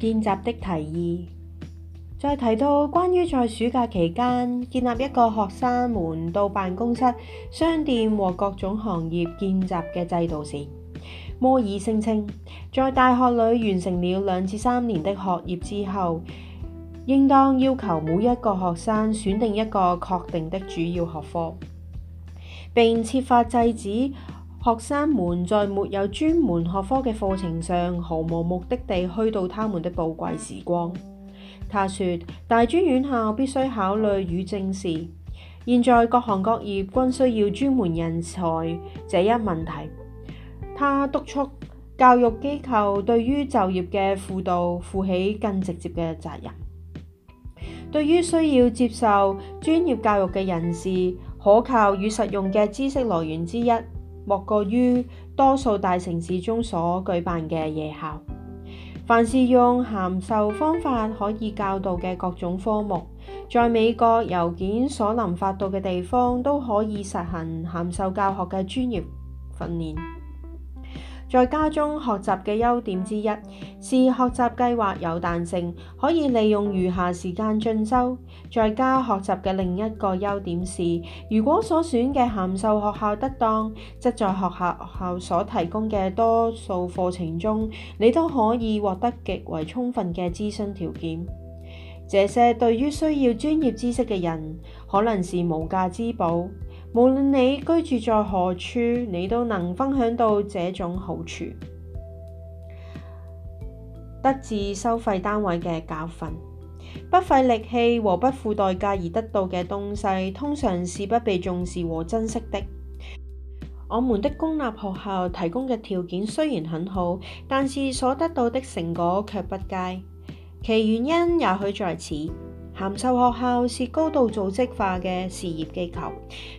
見習的提議，再提到關於在暑假期間建立一個學生們到辦公室、商店和各種行業見習嘅制度時，摩爾聲稱，在大學裏完成了兩至三年的學業之後，應當要求每一個學生選定一個確定的主要學科，並設法制止。學生們在沒有專門學科嘅課程上，毫無目的地虛度他們的寶貴時光。他說：大專院校必須考慮與正視現在各行各業均需要專門人才這一問題。他督促教育機構對於就業嘅輔導負起更直接嘅責任。對於需要接受專業教育嘅人士，可靠與實用嘅知識來源之一，莫過於多數大城市中所舉辦嘅夜校，凡是用函授方法可以教導嘅各種科目，在美國郵件所能發到嘅地方，都可以實行函授教學嘅專業訓練。在家中學習嘅優點之一是學習計劃有彈性，可以利用餘下時間進修。在家學習嘅另一個優點是，如果所選嘅函授學校得當，則在學校學校所提供嘅多數課程中，你都可以獲得極為充分嘅諮詢條件。這些對於需要專業知識嘅人，可能是無價之寶。無論你居住在何處，你都能分享到這種好處。得自收費單位嘅教訓：不費力氣和不付代價而得到嘅東西，通常是不被重視和珍惜的。我們的公立學校提供嘅條件雖然很好，但是所得到的成果卻不佳，其原因也許在此。函授學校是高度組織化嘅事業機構，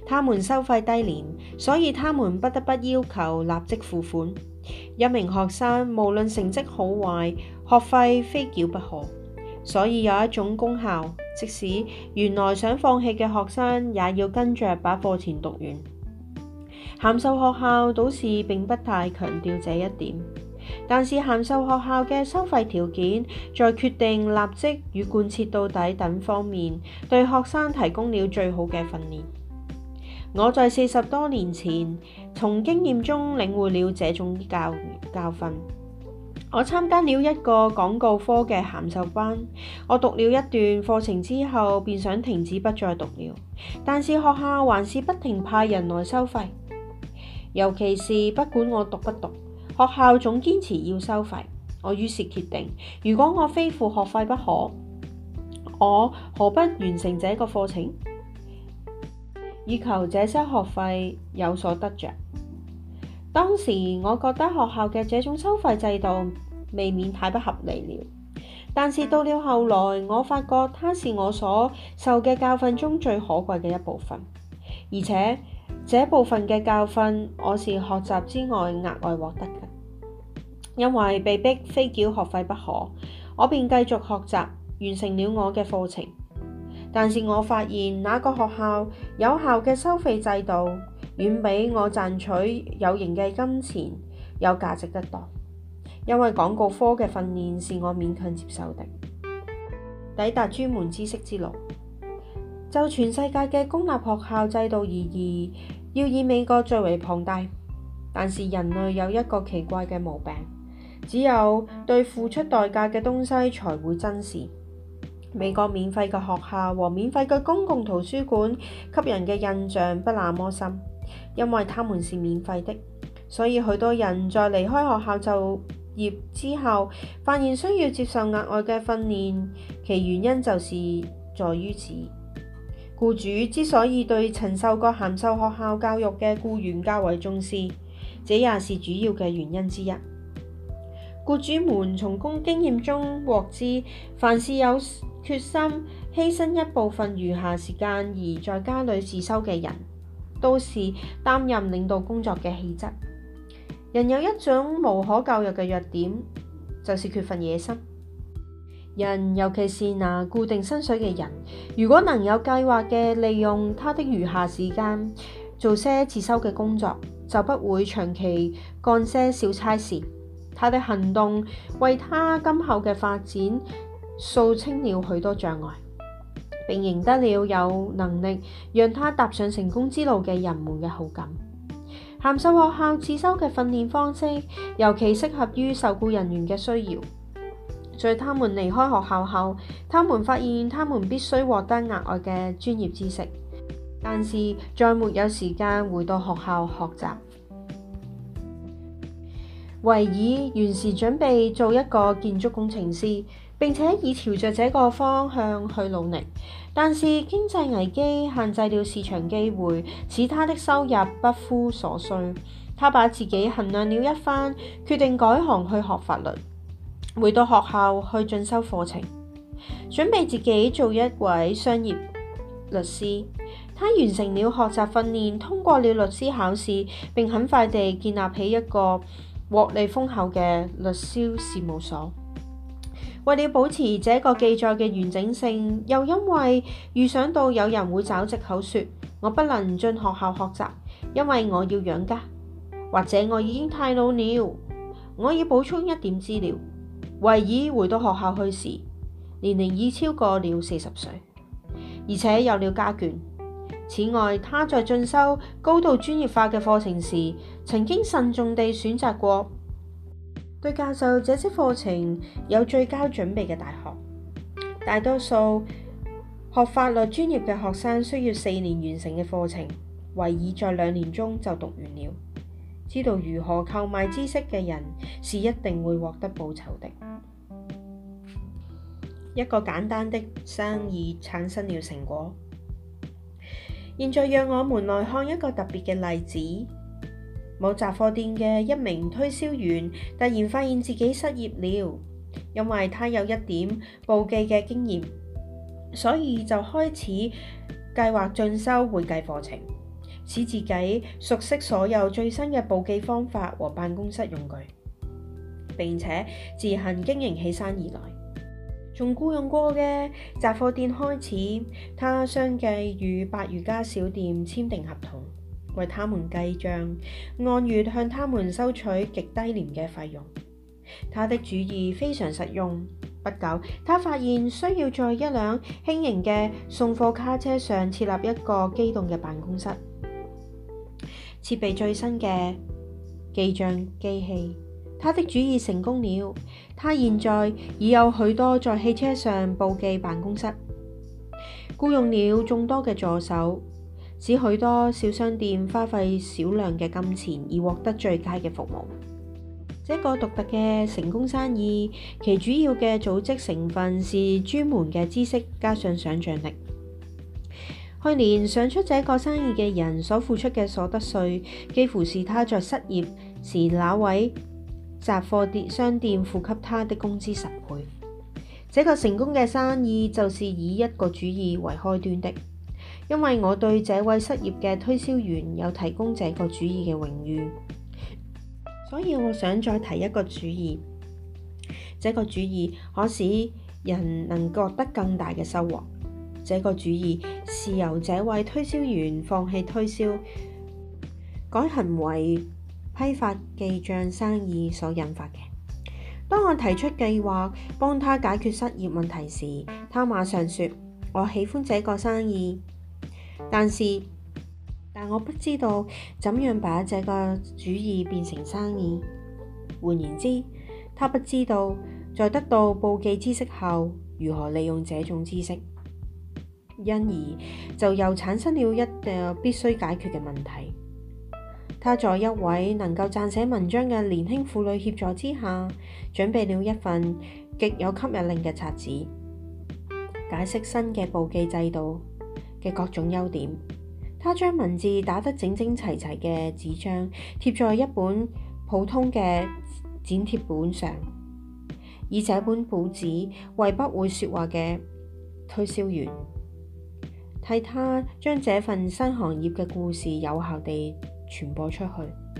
他們收費低廉，所以他們不得不要求立即付款。一名學生無論成績好壞，學費非繳不可，所以有一種功效，即使原來想放棄嘅學生，也要跟着把課程讀完。函授學校倒是並不太強調這一點。但是函授學校嘅收費條件，在決定立即與貫徹到底等方面，對學生提供了最好嘅訓練。我在四十多年前從經驗中領會了這種教教訓。我參加了一個廣告科嘅函授班，我讀了一段課程之後便想停止不再讀了。但是學校還是不停派人來收費，尤其是不管我讀不讀。學校總堅持要收費，我於是決定，如果我非付學費不可，我何不完成這個課程，以求這些學費有所得着？當時我覺得學校嘅這種收費制度未免太不合理了，但是到了後來，我發覺它是我所受嘅教訓中最可貴嘅一部分，而且這部分嘅教訓，我是學習之外額外獲得嘅。因為被逼非繳學費不可，我便繼續學習，完成了我嘅課程。但是我發現那個學校有效嘅收費制度，遠比我賺取有形嘅金錢有價值得多。因為廣告科嘅訓練是我勉強接受的，抵達專門知識之路。就全世界嘅公立學校制度而言，要以美國最為龐大，但是人類有一個奇怪嘅毛病。只有對付出代價嘅東西，才會珍視。美國免費嘅學校和免費嘅公共圖書館，給人嘅印象不那麼深，因為他們是免費的。所以，許多人在離開學校就業之後，發現需要接受額外嘅訓練，其原因就是在於此。僱主之所以對曾受過函授學校教育嘅僱員較為重視，這也是主要嘅原因之一。僱主們從工經驗中獲知，凡是有決心犧牲一部分餘下時間而在家裏自修嘅人，都是擔任領導工作嘅氣質。人有一種無可救藥嘅弱點，就是缺乏野心。人尤其是拿固定薪水嘅人，如果能有計劃嘅利用他的餘下時間做些自修嘅工作，就不會長期幹些小差事。他的行動為他今後嘅發展掃清了許多障礙，並贏得了有能力讓他踏上成功之路嘅人們嘅好感。函授學校自修嘅訓練方式尤其適合於受雇人員嘅需要。在他們離開學校後，他們發現他們必須獲得額外嘅專業知識，但是再沒有時間回到學校學習。維爾原是準備做一個建築工程師，並且已朝着這個方向去努力。但是經濟危機限制了市場機會，使他的收入不敷所需。他把自己衡量了一番，決定改行去學法律，回到學校去進修課程，準備自己做一位商業律師。他完成了學習訓練，通過了律師考試，並很快地建立起一個。獲利豐厚嘅律師事務所，為了保持這個記載嘅完整性，又因為預想到有人會找藉口說我不能進學校學習，因為我要養家，或者我已經太老了，我要補充一點資料。維爾回到學校去時，年齡已超過了四十歲，而且有了家眷。此外，他在進修高度專業化嘅課程時，曾經慎重地選擇過對教授這些課程有最佳準備嘅大學。大多數學法律專業嘅學生需要四年完成嘅課程，維爾在兩年中就讀完了。知道如何購買知識嘅人，是一定會獲得報酬的。一個簡單的生意產生了成果。現在讓我們來看一個特別嘅例子。某雜貨店嘅一名推銷員突然發現自己失業了，因為他有一點簿記嘅經驗，所以就開始計劃進修會計課程，使自己熟悉所有最新嘅簿記方法和辦公室用具，並且自行經營起生意來。從僱用過嘅雜貨店開始，他相繼與百餘家小店簽訂合同，為他們計帳，按月向他們收取極低廉嘅費用。他的主意非常實用。不久，他發現需要在一輛輕型嘅送貨卡車上設立一個機動嘅辦公室，設備最新嘅記帳機器。他的主意成功了，他現在已有許多在汽車上報記辦公室，雇傭了眾多嘅助手，使許多小商店花費少量嘅金錢而獲得最佳嘅服務。這個獨特嘅成功生意，其主要嘅組織成分是專門嘅知識加上想象力。去年想出這個生意嘅人所付出嘅所得稅，幾乎是他在失業時那位。雜貨店商店付給他的工資十倍。這個成功嘅生意就是以一個主意為開端的，因為我對這位失業嘅推銷員有提供這個主意嘅榮譽，所以我想再提一個主意。這個主意可使人能獲得更大嘅收穫。這個主意是由這位推銷員放棄推銷，改行為。批發記賬生意所引發嘅。當我提出計劃幫他解決失業問題時，他馬上說：我喜歡這個生意，但是，但我不知道怎樣把這個主意變成生意。換言之，他不知道在得到簿記知識後，如何利用這種知識。因而就又產生了一個必須解決嘅問題。他在一位能夠撰寫文章嘅年輕婦女協助之下，準備了一份極有吸引力嘅冊子，解釋新嘅簿記制度嘅各種優點。他將文字打得整整齊齊嘅紙張貼在一本普通嘅剪貼本上，以這本報紙為不會說話嘅推銷員替他將這份新行業嘅故事有效地傳播出去，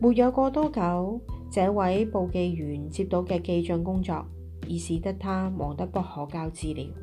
沒有過多久，這位簿記員接到嘅記帳工作，已使得他忙得不可教之了。